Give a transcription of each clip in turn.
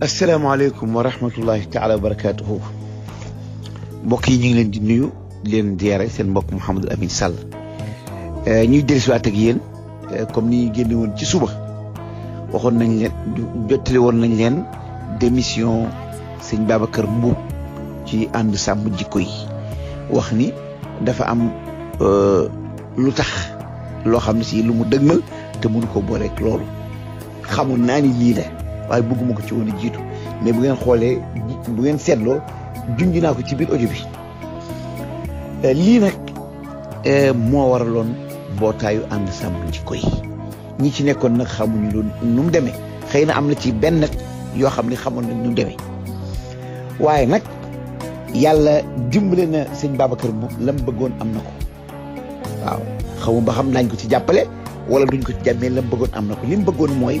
asalaamaaleykum wa rahmatullahi taala wa barakaatuhu mbokk yi ñu ngi leen di nuyu di leen ziyaare seen mbokk Mouhamadou Amine Sall eh, ñuy dellusiwaat ak yéen eh, comme ni ñu génne woon ci suba waxoon nañ leen jottali woon nañ leen démission sëñ Babacar Mbuub ci ànd sàmm jikko yi wax ni dafa am eh, lu tax loo xam ne si lu mu dëgmal te mënu ko booleeg loolu xamoon naa ni lii la waaye bëgguma ko ci woon a jiitu mais bu ngeen xoolee bu ngeen seetloo junj naa ko ci biir audio bi euh, lii nag euh, moo waraloon mbootaayu ànd sàmm jikko yi ñi ci nekkoon nag xamuñu loon nu mu demee xëy na am na ci benn yoo xam ne xamoon nañ nu mu waaye nag yàlla dimbale na sëñ Babacar moom la mu bëggoon am na ko waaw xamu ba xam nañ ko ci jàppale wala duñ ko ci jàppale la mu bëggoon am na ko li mu bëggoon mooy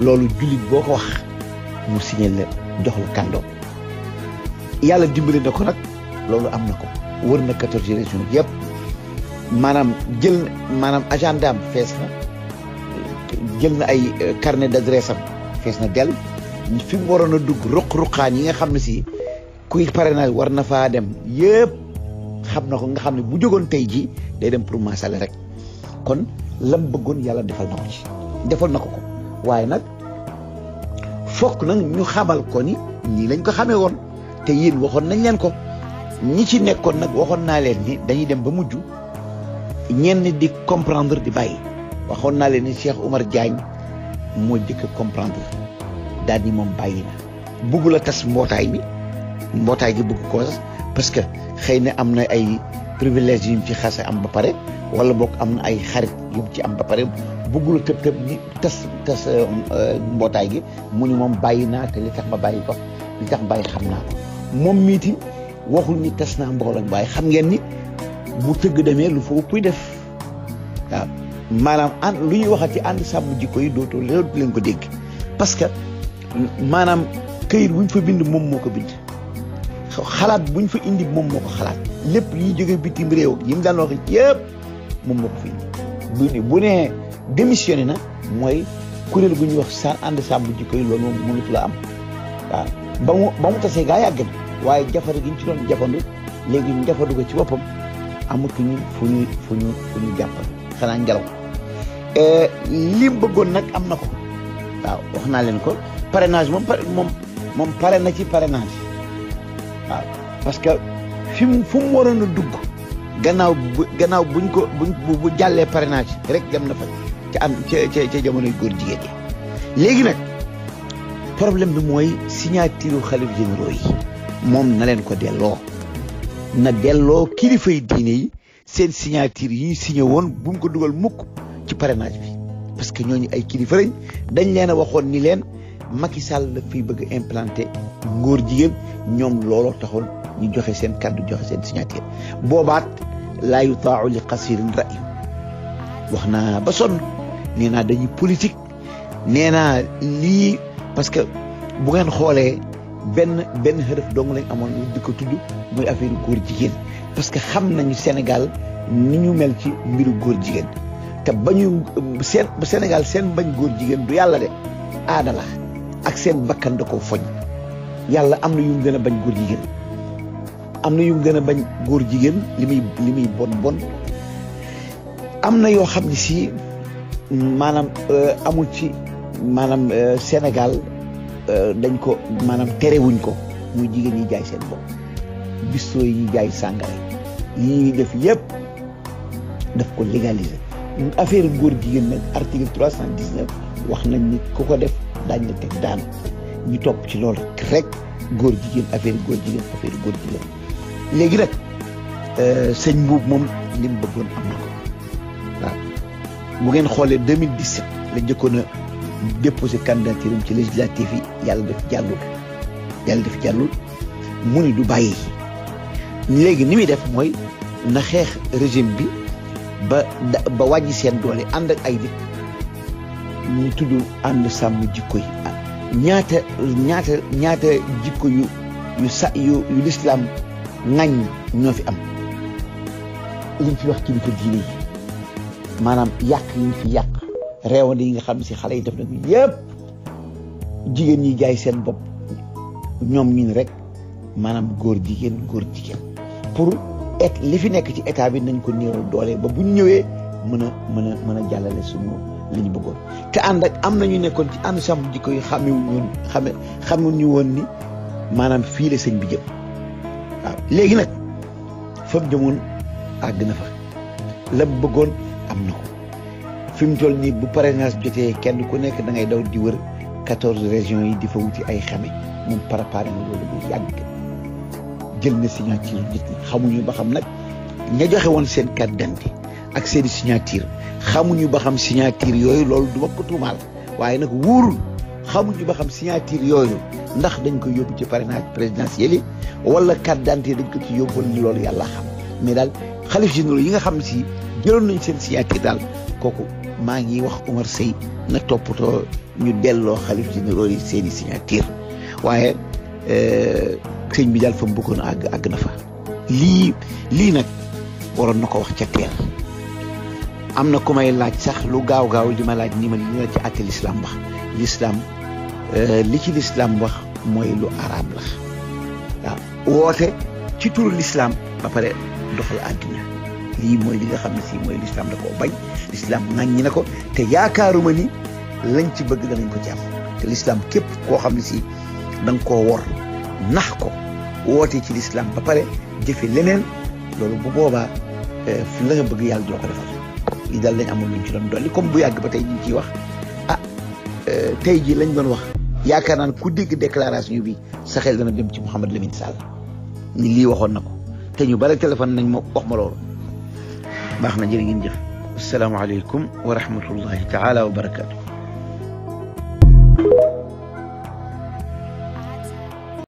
loolu jullit boo ko wax mu signé la jox la kàndoo yàlla dimbali na ko nag loolu am na ko war na quatorze régions yëpp maanaam jël maanaam agenda fees na jël na ay euh, carnet d'adresse am fees na dell fi mu waroon a dugg ruq-ruqaan yi nga xam ne si kuy parrainage war na faa dem yëpp xam na ko nga xam ne bu jógoon tey ji day dem pour maasale rek kon lam bëggoon yàlla defal na ko ci defal na ko ko waaye nag fokk nag ñu xamal ko ni ñii lañ ko xamee woon te yéen waxoon nañ leen ko ñi ci nekkoon nag waxoon naa leen ni dañuy dem ba mujj ñenn di comprendre di bàyyi waxoon naa leen ni Cheikh Oumar Diagne moo jëkk comprendre daal ni moom bàyyi na bëggu la tas mbootaay bi mbootaay gi bëgg ko parce que xëy na am na ay privilège yi mu ci xase am ba pare wala boog am na ay xarit yu ci am ba pare bëggul tëb tëb ni tas tas euh, euh, mbootaay gi mu ni moom bàyyi naa te li tax ma bàyyi ko li tax bàyyi xam naa ko moom miiti waxul ni tas naa mbooloo waaye xam ngeen ni bu tëgg demee lu foofu kuy def waaw maanaam ànd lu ñuy waxati ànd sàmm jikko yi dootoo loolu leen ko dégg parce que maanaam këyit wuñ fa bind moom moo ko bind xalaat buñ fa indi moom moo ko xalaat lépp yi jóge bitim réew yi mu daan wax yëpp moom moo ko fi indi bu ne démissionné na mooy kuréel gu ñuy wax sa ànd sàmm jikko yi loolu moom mënatu la am waaw ba mu ba mu gaa yàgg na waaye jafar gi ñu ci doon jafandu léegi ñu jafandu ci boppam amatuñu fu ñu fu ñu fu ñu jàppal xanaa ngelaw euh, li bëggoon nag am na ko waaw wax naa leen ko parrainage moom pare na ci parrainage parce que fi mu fu mu waroon a dugg gannaaw bu gannaaw buñ ko buñ bu jàllee parrainage rek dem na fa ca am ca ca ca jamonoy góor jigéen yi léegi nag problème bi mooy signature xalif généraux yi moom na leen ko delloo na delloo kilifay diine yi seen signature yi signé woon bu mu ko dugal mukk ci parrainage bi parce que ñooñu ay kilifa dañ leen a waxoon ni leen Macky Sall fi bëgg implanté ngóor jigéen ñoom looloo taxoon ñu joxe seen kàddu joxe seen signature boobaat laa yutaacu li qasirin ra'i wax naa ba sonn nee naa dañuy politique nee naa lii parce que bu ngeen xoolee benn benn xërëf dong lañ amoon di ko tudd muy affaire góor jigéen parce que xam nañu Sénégal ni ñu mel ci mbiru góor jigéen te bañu seen Sénégal seen bañ góor jigéen du yàlla de aada la ak seen bakkan da koo foñ yàlla am na yu gën a bañ góor jigéen am na yu gën a bañ góor jigéen li muy li muy bon bon am na yoo xam ne si maanaam euh, amul ci maanaam euh, Sénégal euh, dañ ko maanaam terewuñ ko muy jigéen ñi jaay seen bopp bistro yi jaay sàngara yi def yépp def ko légaliser affaire góor jigéen nag article trois cent wax nañ ni ku ko def daañu la teg daan ñu topp ci lool rek góor jigéen affaire góor jigéen góor léegi nag euh, sëñ mbuub moom li mu bëggoon am na ko waaw bu ngeen xoolee 2017 la njëkkoon a déposé candidature ci législative yi yàlla def jàllul yàlla def jàllul mu ni du bàyyi léegi ni muy def mooy na xeex régime bi ba ba wàññi seen doole ànd ak ay nit ñu tudd ànd sàmm jikko yi ñaata ñaata ñaata jikko yu yu sa yu yu lislaam ŋàññ ñoo fi am liñ fi wax kilifa diine yi maanaam yàq yiñ fi yàq réewande yi nga xam si xale yi def nañu yëpp jigéen ñi jaay seen bopp ñoom ñun rek maanaam góor jigéen góor jigéen pour et li fi nekk ci état bi nañ ko néew doole ba bu ñu ñëwee mën a mën a mën a jàllale suñu li ñu bëggoon te ànd ak am nañu nekkoon ci ànd sàmm jikko yi xamewuñu xame xamuñu woon ni maanaam fii la sëñ bi jëm waaw léegi nag fa mu jëmoon àgg na fa la mu bëggoon am na ko fi mu toll nii bu parrainage jotee kenn ku nekk dangay daw di wër quatorze régions yi di fa wuti ay xame moom préparé na loolu bu yàgg jël na nag ña joxe woon seen carte d'identité ak seeni signature xamuñu ba xam signature yooyu loolu du ma waaye nag wóorul xamuñu ba xam signature yooyu ndax dañ koy yóbbu ci parrainage présidentiel yi wala carte d'identité dañ ko ci yóbbu ñu loolu yàlla xam mais daal xalif généraux yi nga xam si jëloon nañ seen signature daal kooku maa ngi wax Umar Sey na toppatoo ñu delloo xalif généraux yi seen i signature waaye euh, sëñ bi daal fa mu bëggoon àgg àgg na fa lii lii nag waroon na ko wax ca teel am na ku may laaj sax lu gaaw gaaw di ma laaj ni ma li la ci àtte lislaam wax lislaam euh, li ci lislaam wax mooy lu araab la waaw woote ci turu lislaam ba pare doxal àddina lii mooy li nga xam ne si mooy lislaam da koo bañ lislaam ŋàññi ne ko te yaakaaruma ni lañ ci bëgg danañ ko jàpp te lislaam képp koo xam ne si da nga koo wor nax ko woote ci lislaam ba pare jëfe leneen loolu bu boobaa fi euh, la nga bëgg yàlla doo ko defal li daal lañ amul luñ ci doon dolli comme bu yàgg ba tey ñu ngi wax ah euh, tey jii lañ doon wax yaakaar naan ku dégg déclaration bi sa xel dana dem ci Mouhamed Lamine Sall ni lii waxoon na ko te ñu bare téléphone nañ moo wax ma loolu baax na jërë ngeen jëf asalaamaaleykum wa rahmatullahi taala wa barakaatu